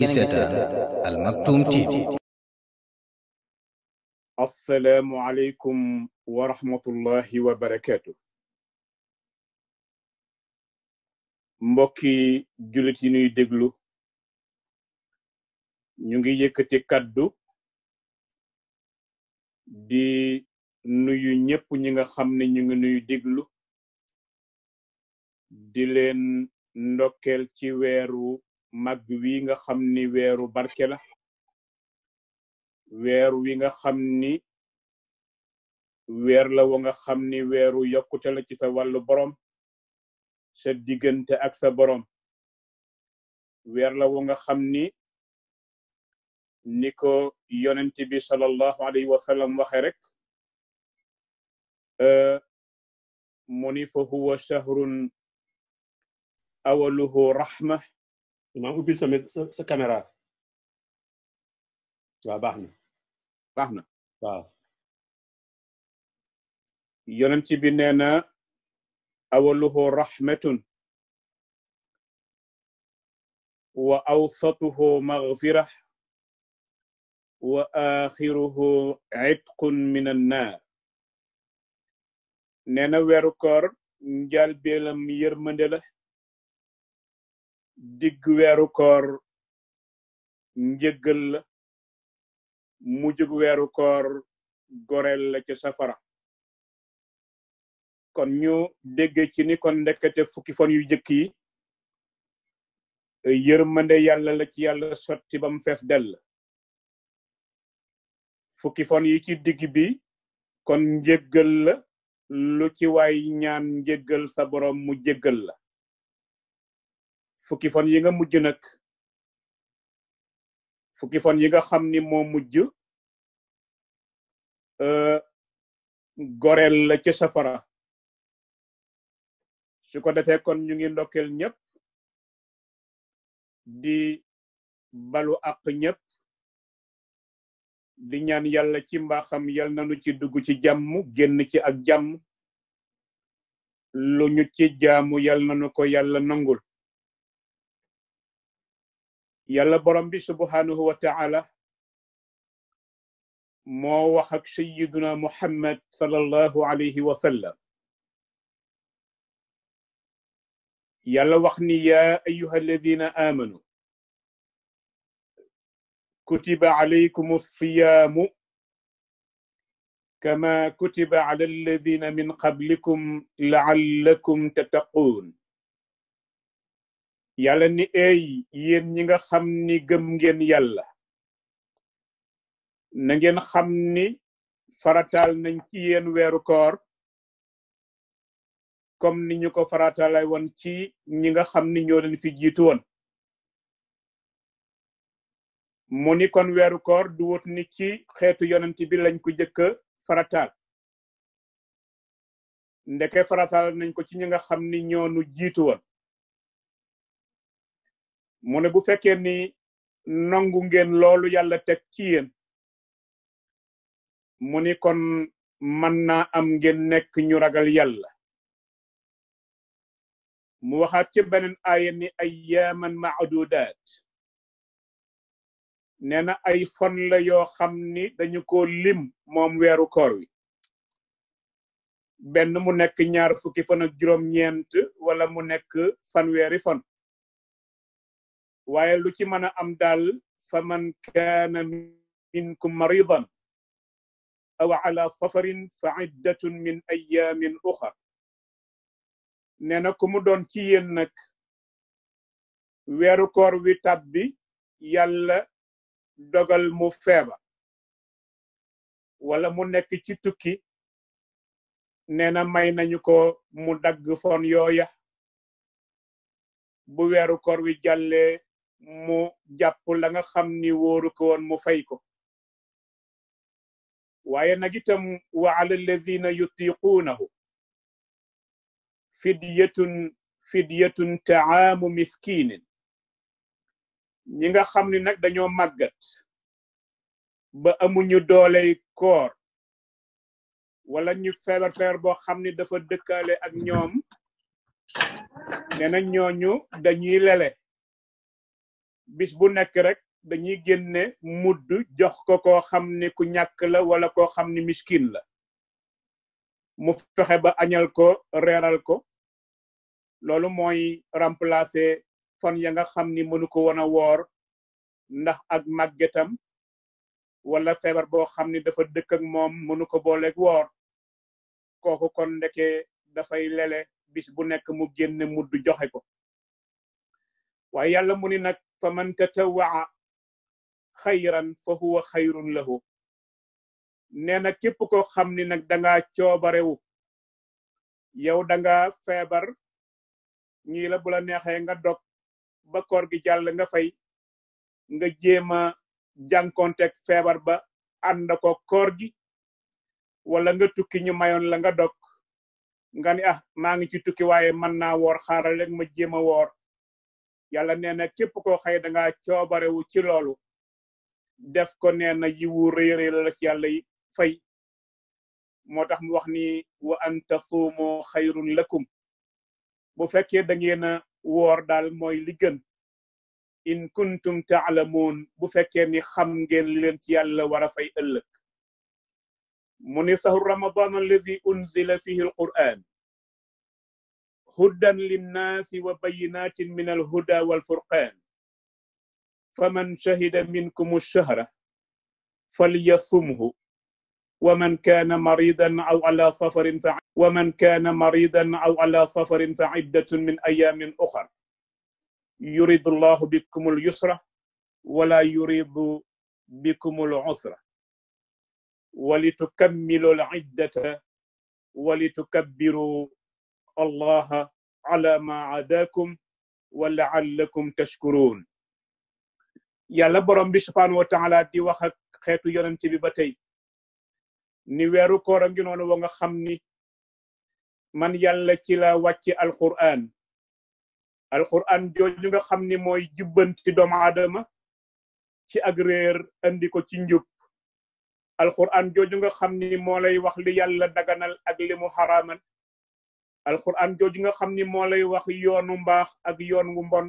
ngi seetaan Al Maktoum TV assalaamu aleykum wa yi nuy déglu ñu ngi yëkkati kaddu di nuyu ñëpp ñi nga xam ni ñu ngi nuy déglu di leen ndokkeel ci weeru màgg wi nga xamni wéru barke la wéru wi nga xamni wér la wo nga xamni wéru weeru la ci sa wàllu borom sa digënté ak sa borom wér la wo nga xamni niko ni yonent bi sallallahu alayhi wa sallam waxe rek euh munifa huwa shahrun awaluhu rahma maa ubbil sa sa caméra waaw baax na baax na waaw yonent bi nee na awaluhu rahmatun wa awsatuhu maghfira wa axiruhu itqun min annaar nee na weeru koor njaalbeelam yërmande la digg weeru koor njëggal la mujjug weeru koor goreel la ci safara kon ñu dégge ci ni kon ndekete fukki fan yu jëkk yi yërmande yàlla la ci yàlla sotti ba mu fees dell fukki fan yi ci digg bi kon njëggal la lu ci way ñaan njëggal sa borom mu jéggal la fukki fan yi nga mujj nag fukki fan yi nga xam ni moo mujj euh, goreel la ci safara si ko defee kon ñu ngi ndokkeel ñëpp di balu àq ñëpp di ñaan yàlla ci mbaaxam yal nañu ci dugg ci jàmm génn ci ak jàmm lu ñu ci jaamu yal nañu ko yàlla nangul yàlla borom bi subhanahu wa ta'ala moo wax ak sayyiduna muhammad sallallahu alayhi wa sallam yàlla wax ni yaa ayuha alladina amanu kutiba alaykum alsiyamu كما كتب على الذين من قبلكم لعلكم تتقون yàlla ni ey yéen ñi nga xam ni gëm ngeen yàlla na ngeen xam ni faratal nañ ci yéen weeru koor comme ni ñu ko farataalay woon ci ñi nga xam ni ñoo leen fi jiitu woon mu ni kon weeru koor du wut ni ci xeetu yonent bi lañ ko jëkk farataal ndeke farataal nañ ko ci ñi nga xam ni ñoo nu jiitu mu ne bu fekkee ni nangu ngeen loolu yàlla teg ci yéen mu ni kon mën naa am ngeen nekk ñu ragal yàlla mu waxaat ci beneen aaya ni ay yaaman maadudaat nee na ay fon la yoo xam ni dañu koo lim moom weeru koor wi benn mu nekk ñaar fukki fan ak juróom-ñeent wala mu nekk fanweeri fan waaye lu ci mën a am daal faman kaana minkum maridan aw ala safarin fa iddatun min ayamin uxar nee na ku mu doon ci yéen nag weeru koor wi tab bi yàlla dogal mu feeba wala mu nekk ci tukki nee na may nañu ko mu dagg foon yoya bu weeru koor wi jàllee mu jàpp la nga xam ni wóoru ko mu fay ko waaye nag itam wa ala alladina yutiquunahu fidyatun fidyatun taamu miskinin ñi nga xam ni nag dañoo màggat ba amuñu dooley koor wala ñu feebar feebar boo xam ni dafa dëkkale ak ñoom nee na ñooñu dañuy lele bis bu nekk rek dañuy génne mudd jox ko koo xam ni ku ñàkk la wala koo xam ni miskin la mu fexe ba añal ko reeral ko loolu mooy remplacer fan ya nga xam ni mënu ko woon woor ndax ak màggetam wala feebar boo xam ni dafa dëkk ak moom mënu ko booleeg woor kooku kon ndeke dafay lele bis bu nekk mu génne mudd joxe ko waaye yàlla mu faman tatawaa xayran fa huwa xayrun lahu nee na képp koo xam ni nag danga coobarewu yow danga feebar ñii la la neexee nga dog ba koor gi jàll nga fay nga jéem a jànkonteeg feebar ba ànd ko koor gi wala nga tukki ñu mayoon la nga dog nga ah maa ngi ci tukki waaye mën naa woor xaaral rek ma jéem a woor yàlla neena kep ko xëy da ngaa wu ci lolu def ko neena yiwu rëy la ci yàlla yi fay motax mu wax ni wa anta sumu khairun lakum bu fekke da ngeen wor dal moy li gën in kuntum ta'lamun bu fekke ni xam ngeen li len ci yàlla wara fay ëllëg mu ramadan alladhi unzila fihi alquran هدى للناس وبينات من الهدى والفرقان فمن شهد منكم الشهر فليصمه ومن كان مريضا او على سفر ومن كان مريضا او على سفر فعده من ايام اخر يريد الله بكم اليسر ولا يريد بكم العسر ولتكملوا العده ولتكبروا الله على ما عاداكم walaallakum tashkuruun yàlla borom bi subhaanahu wa taala di wax ak xeetu yonent bi ba tey ni weeru koor a ngi noonu wa nga xam ni man yàlla ci la wàcce alquran alquran jooju nga xam ni mooy jubbanti doomu aadama ci ak réer andi ko ci njub alquran jooju nga xam ni moo lay wax li yàlla daganal ak li mu xaraamal alquran jooju nga xam ni moo lay wax yoonu mbaax ak yoon wu mbon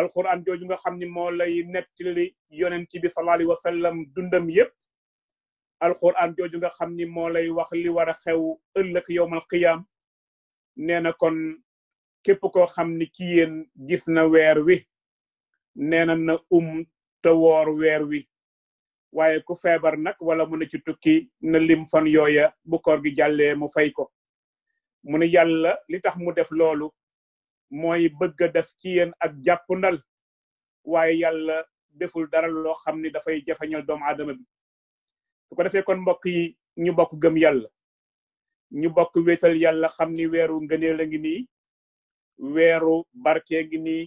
alquran jooju nga xam ni lay nettali yonent bi sallallahu wa sallam dundam yépp alquran jooju nga xam ni moo lay wax li war a xew ëllëg yowmal qiyaam nee kon képp koo xam ni yéen gis na weer wi nee na um te woor weer wi waaye ku feebar nag wala mu ne ci tukki na lim fan yooya bu koor gi jàllee mu fay ko mu ne yàlla li tax mu def loolu mooy bëgg def ci yéen ak jàppandal waaye yàlla deful dara loo xam ni dafay jafeñal doomu aadama bi su ko defee kon mbokk yi ñu bokk gëm yàlla ñu bokk wéetal yàlla xam ni weeru ngëneel a ngi nii weeru barke ngi nii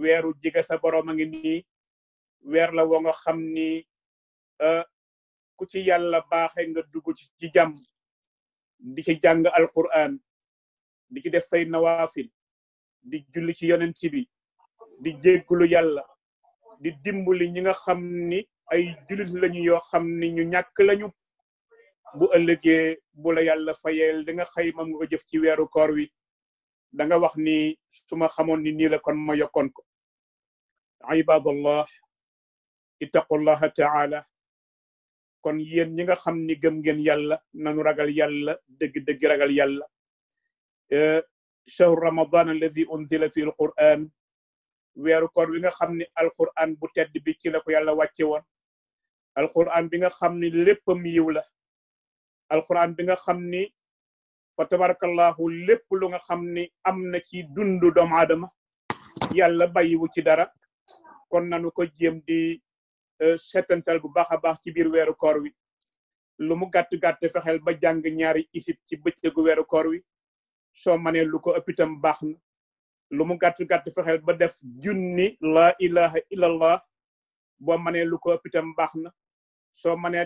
weeru jige sa borom a ngi nii la wo nga xam ni ah, ku ci yàlla nga dugg ci jàmm di ci jàng alquran di ci def say nawaafil di julli ci yonent bi di jéggulu yàlla di dimbali ñi nga xam ni ay jullit lañu yoo xam ni ñu ñàkk lañu bu ëllëgee bu la yàlla fayeel da nga xay moom jëf ci weeru kor wi danga nga wax ni su ma xamoon ni nii kon ma yokkoon ko ibadallah ittaqullaha taala kon yéen ñi nga xam ni gëm ngeen yàlla nanu ragal yàlla dëgg-dëgg ragal yàlla e, shahru ramadan allazi unzila fi al quran weeru wi nga xam ni alquran bu tedd bi ci la ko yàlla wàcce woon alquran bi nga xam ni léppam yiw la alquran bi nga xam ni fa tabarakallahu lépp lu nga xam ni am na ki dundu doomu aadama yàlla bàyyiwu ci dara kon nanu ko jéem di Euh, setantal bu baxa bax ci bir wéru koor wi lu mu gatt gatt fexel ba jang ñaari isit ci bëccëgu wéru koor wi so mané lu ko epitam lu mu gatt gatt fexel ba def junni la ilaha illallah bo mané lu ko epitam so baax na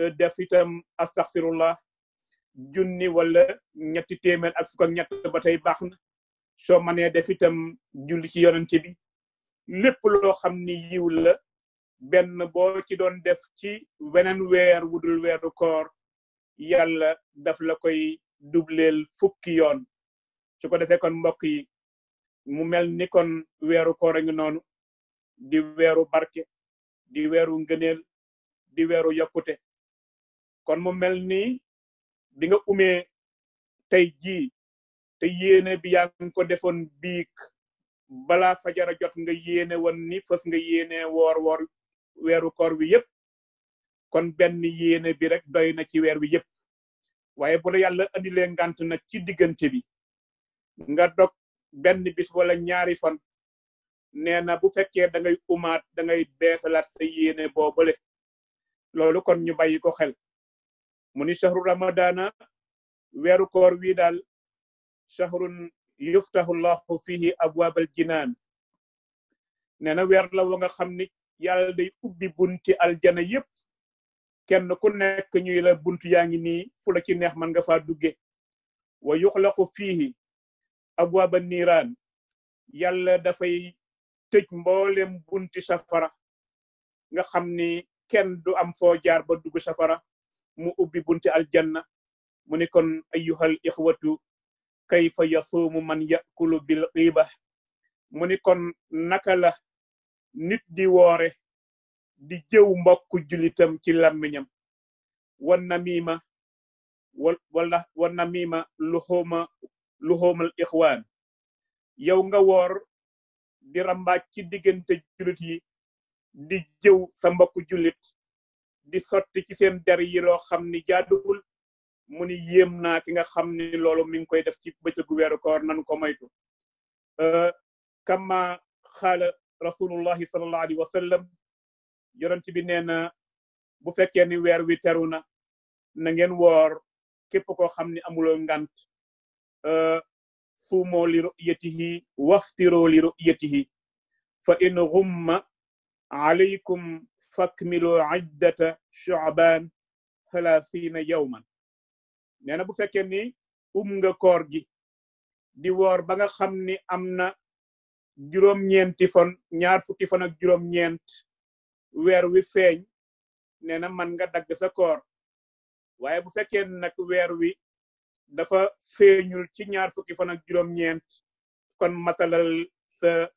euh, def itam astaghfirullah junni wala ñetti témel ak fukk ak ñett batay tey na def itam julli ci bi lepp lo xamni benn bo ci doon def ci weneen weer wudul weeru koor yàlla daf la koy dubleel fukki yoon ci ko defee kon mbokk yi mu mel ni kon weeru koor a ngi noonu di weeru barke di weeru ngëneel di weeru yokkute kon mu mel ni bi nga umee tey ji te yéene bi yaa ko defoon biig balaa fajara jot nga yéene woon ni fas nga yéene woor woor weeru koor wi yëpp kon benn yéene bi rek doy na ci weer wi yëpp waaye bu la yàlla andilee ngant nag ci diggante bi nga dog benn bis wala ñaari fan nee na bu fekkee da ngay umaat da ngay beesalaat sa yéene loolu kon ñu bàyyi ko xel mu ni shahru ramadaana weeru koor wi daal shahrun yuftahu llahu fihi abwaabal jinaan nee na weer la wa nga xam ni yàlla day ubbi bunti aljana yépp kenn kun nekk ñuy la buntu yaa ngi nii fu la ci neex man nga faa dugge wa yuxlaqu fiihi abwaaba niiraan yàlla dafay tëj mboolem bunti safara nga xam ni kenn du am foo jaar ba dugg safara mu ubbi bunti aljanna mu ni kon ayyuhal ixwatu kayfa yasuumu man yakulu bil xiiba mu ni nit di woore di jëw mbokk julitam ci làmmiñam wan na miima wala wan na miima luxooma yow nga woor di rambaaj ci diggante julit yi di jëw sa mbokk julit di sotti ci seen der yi loo xam ni jaaduwul mu ni yéem naa ki nga xam ni loolu mi koy def ci bëccëgu weeru koor nan ko moytu kama xaala رسول الله صلى الله عليه وسلم يرنت بي نينا بو فكي ني وير وي تيرونا نانين وور كيب خامني امولو غانت ا فومو لرؤيته وافترو لرؤيته فان غم عليكم فاكملوا عدة شعبان ثلاثين يوما نانا بو فكي ني اوم غا خامني امنا juróom-ñeenti fan ñaar fukki fan ak juróom-ñeent weer wi feeñ nee na man nga dagg sa koor waaye bu fekkee nag weer wi dafa feeñul ci ñaar fukki fan ak juróom-ñeent kon matalal sa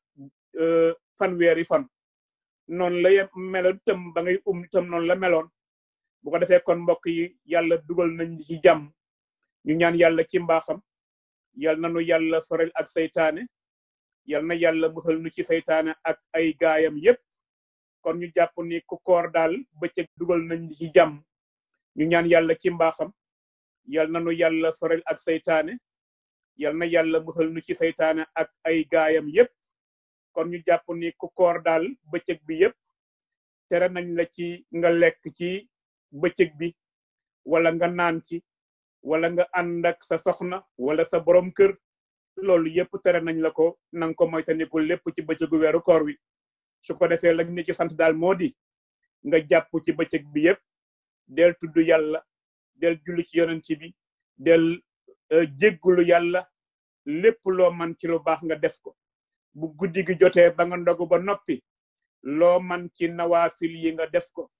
e, fanweeri fan noonu la meloon itam ba um la meloon bu ko defee kon mbokk yi yàlla dugal nañ ci jàmm ñu ñaan yàlla ci mbaaxam yàlla nanu yàlla sorel ak seytaane yal na yàlla musal nu ci seytaane ak ay gaayam yépp kon ñu jàpp ni ku koor daal bëccëg dugal nañ ci jàmm ñu ñaan yàlla ci mbaaxam yal na nu yàlla sorel ak seytaane yal na yàlla musal nu ci seytaane ak ay gaayam yépp kon ñu jàpp ni ku koor daal bëccëg bi yépp tere nañ la ci nga lekk ci bëccëg bi wala nga naan ci wala nga ànd sa soxna wala sa borom kër loolu yépp tere nañ la ko nang ko moytandikul lépp ci bëccëgu weeru koor wi su ko defee lag ni ci sant daal moo di nga jàpp ci bëccëg bi yépp del tudd yàlla del julli ci yonent ci bi del e, jéggulu yàlla lépp loo man ci lu baax nga def ko bu guddi gi jotee ba nga ndogu ba noppi loo man ci nawaafil yi nga def ko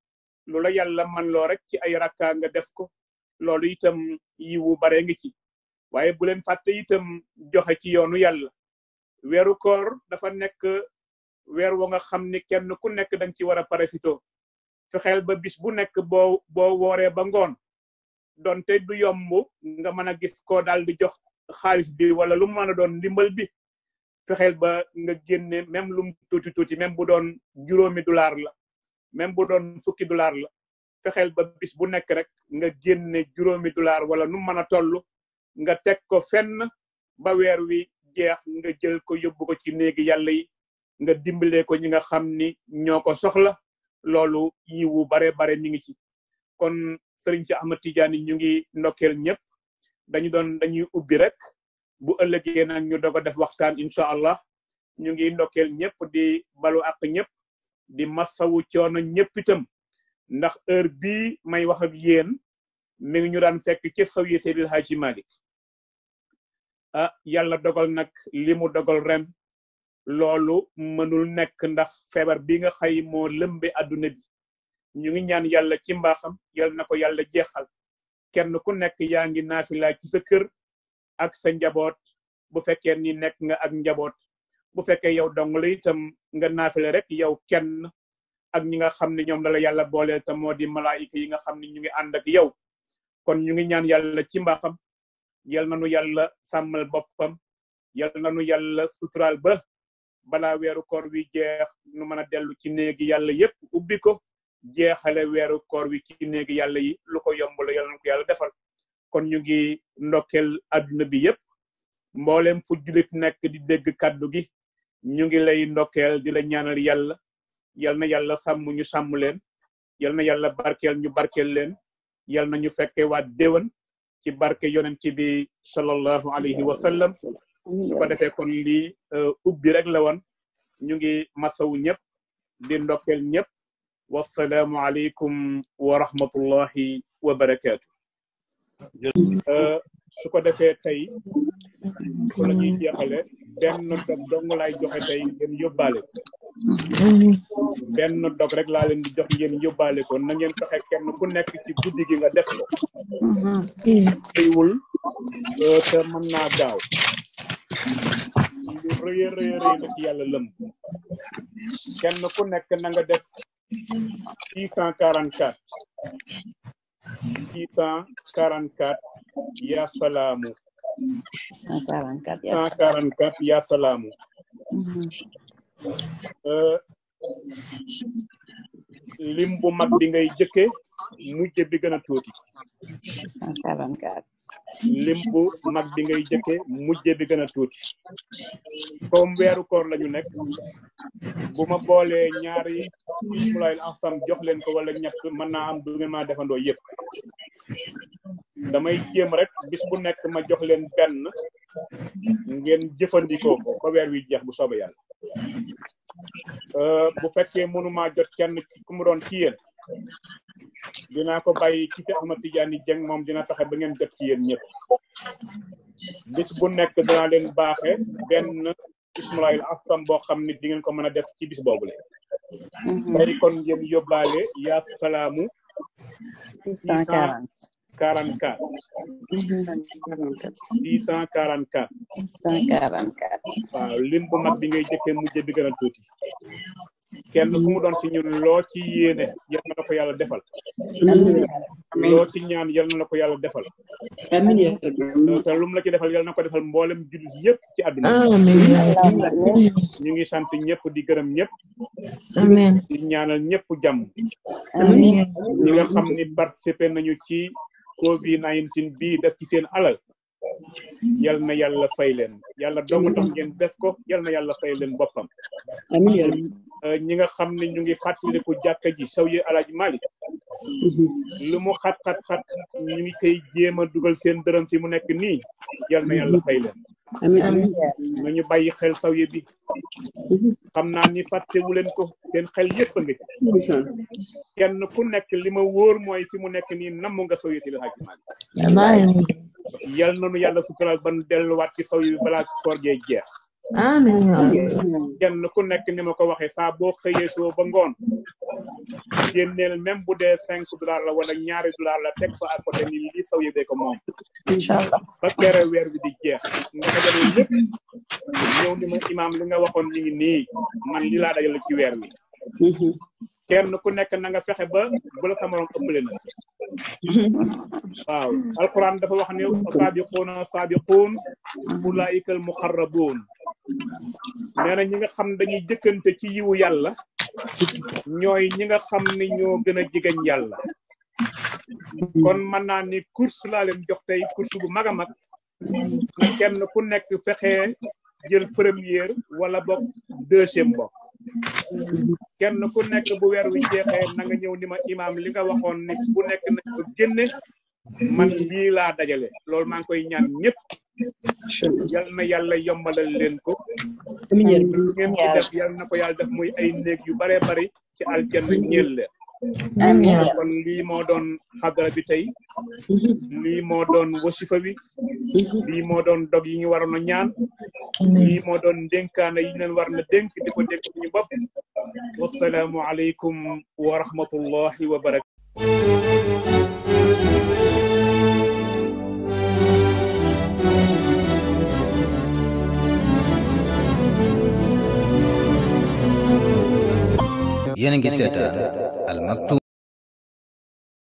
lu la yàlla man loo rek ci ay rakka nga def ko loolu itam yiwu bare ngi ci waye bu len fatte itam joxe ci yoonu yalla wéru koor dafa nek wér wo nga xamni kenn ku nek dang ci wara parafito parafito xel ba bis bu nek bo bo woré ba ngon donte du yomb nga mëna gis ko dal di jox xaaliss bi wala lu mëna don limbal bi bi xel ba nga génne même lum tuti tuti même bu don juróomi dollar la même bu don fukki dollar la fexeel ba bis bu nek rek nga génne juróomi dollar wala nu mëna tollu nga tek ko fenn ba weer wi jeex nga jël ko yóbbu ko ci néegi yàlla yi nga dimbalee ko ñi nga xam ni ñoo ko soxla loolu yiwu bare bare mi ngi ci kon sëriñ si ahmad tidiane ñu ngi ndokkeel ñëpp dañu doon dañuy ubbi rek bu ëllëgee nag ñu doog a def waxtaan insha allah ñu ngi ndokkeel ñëpp di balu ak ñëpp di masawu coono ñëpp itam ndax heure bii may wax ak yéen mi ngi ñu daan fekk ci sawi seydil haji malik ah yàlla dogal nag li mu dogal ren loolu mënul nekk ndax feebar bi nga xay moo lëmbe adduna bi ñu ngi ñaan yàlla ci mbaaxam yàlla na ko yàlla jeexal kenn ku nekk yaa ngi naafila ci sa kër ak sa njaboot bu fekkee ni nekk nga ak njaboot bu fekkee yow dong la itam nga naafila rek yow kenn ak ñi nga xam ne ñoom la la yàlla booleel te moo di malaayika yi nga xam ne ñu ngi ànd ak yow kon ñu ngi ñaan yàlla ci mbaaxam yal nu yàlla sàmmal boppam yal nu yàlla suturaal ba balaa weeru koor wi jeex nu mën a dellu ci néegi yàlla yépp ubbi ko jeexale weeru koor wi ci néegi yàlla yi lu ko yomb la yal na ko yàlla defal kon ñu ngi ndokkeel adduna bi yépp mboolem fu nekk di dégg kàddu gi ñu ngi lay ndokkeel di la ñaanal yàlla yal na yàlla sàmm ñu sàmm leen yal na yàlla barkeel ñu barkeel leen yal na ñu fekke waa déwén ci barke yonent bi sallallahu alayhi wa sallam su ko defee kon lii uh, ubbi rek la woon ñu ngi masawu ñëpp di ndokkeel ñëpp wasalaamu aleykum wa rahmatullahi wa barakaatu uh, su ko defee tey ko la ñuy jeexale benn dong laay joxe tey ngeen yóbbaale benn dog rek laa leen di jox ngeen yóbbaale ko na ngeen fexe kenn ku nekk ci guddi gi nga def ko xëywul euh, te mën naa gaaw lu rëy rëy rëy la ci yàlla lëm kenn ku nekk na nga def salaamu salaamu Euh, lim bu mag bi ngay jëkke mujj bi gën a tuuti. limbu mag bi ngay jëkke mujjé bi gëna a tuuti comme weeru koor lañu nek bu ma boolee ñaari mulayil ansam jox leen ko wala ñett man na am du ngeen ma defando yépp damay jëm rek bis bu nek ma jox leen ben ngeen jëfëndiko ko ko weer wi jeex bu soba yalla euh bu fekkee mënuma jot kenn ci kum doon ci yeen dina ko bàyyi ci fi Ahmad Tidiane jeng mom dina taxé ba ngeen def ci yeen ñepp bis bu nekk dina leen baaxe benn ismulaayil asam bo xamni di ngeen ko mëna def ci bis bobu la mhm. tey kon ngeen yóbbaale yaa salaamu six cent quarante waaw lim bu bi ngay jëkkee mujj bi tuuti kenn ku mu doon ci ñun loo ci yéene yal na la ko yàlla defal. loo ci ñaan yal na la ko yàlla defal. amiin lu mu la ci defal yal na ko defal mboolem jullit yëpp ci àdduna ñu ngi sant ñëpp di gërëm ñëpp. ñaanal ñëpp jàmm. amiin ñi xam ni participé nañu ci COVID 19 bii def ci seen alal. yal na yàlla fay leen yàlla dong tax ngeen des ko yal na yàlla fay leen boppam. amiin euh, ñi nga xam ne ñu ngi fàttaliku jàkka ji saw yi alaaj mali mhm. lu mu xat xat xat ñu ngi koy jéem a dugal seen dërëm fi mu nekk nii yal yàlla fay leen. amiin nañu bàyyi xel saw yi bi xam naa ni fàttewu leen ko seen xel yëpp a ngi kenn ku nekk li ma wóor mooy fi mu nekk nii namm nga saw yi si la yal na nu yàlla suturaal ban delluwaat ci saw yi balaa koor gee jeex. amiin kenn ku nekk ni ma ko waxee saa boo xëyee soo ba ngoon génneel même bu dee cinq dollars la wala ñaari dollars la teg fa à côté ni lii saw yëgee ko moom ba keere weer bi di jeex nga dajale lépp ñëw ni li nga waxoon ñu ngi nii man li ci weer wi mm-hmm. kenn ku nekk na nga fexe ba bu la sa morom waaw alquran dafa wax ne saabiquuna saabiquun ulaa'ika al muqarrabuun nee na ñi nga xam dañuy jëkkante ci yiwu yàlla ñooy ñi nga xam ni ñoo gën a jegeñ yàlla kon mën naa ni course laa leen jox course bu mag a mag kenn ku nekk fexe jël première wala bokk deuxième bokk kenn ku nekk bu weer wi jeexee na nga ñëw ni ma imaam li nga waxoon ne bu nekk na ko génne man lii laa dajale loolu maa ngi koy ñaan ñëpp yal na yàlla yombalal leen ko lu ngeen yal na ko yàlla def muy ay néeg yu bare bari ci aljanna ñeel leen amiin lii moo doon xadara bi tey lii moo doon wasifa bi lii moo doon dog yi ñu waroon a ñaan lii doon dénkaana yi ñu leen war na dénk di ko dénk suñu bopp wasalaamu aleykum wa rahmatullahi wa barakatu يننجسيتا المكتوب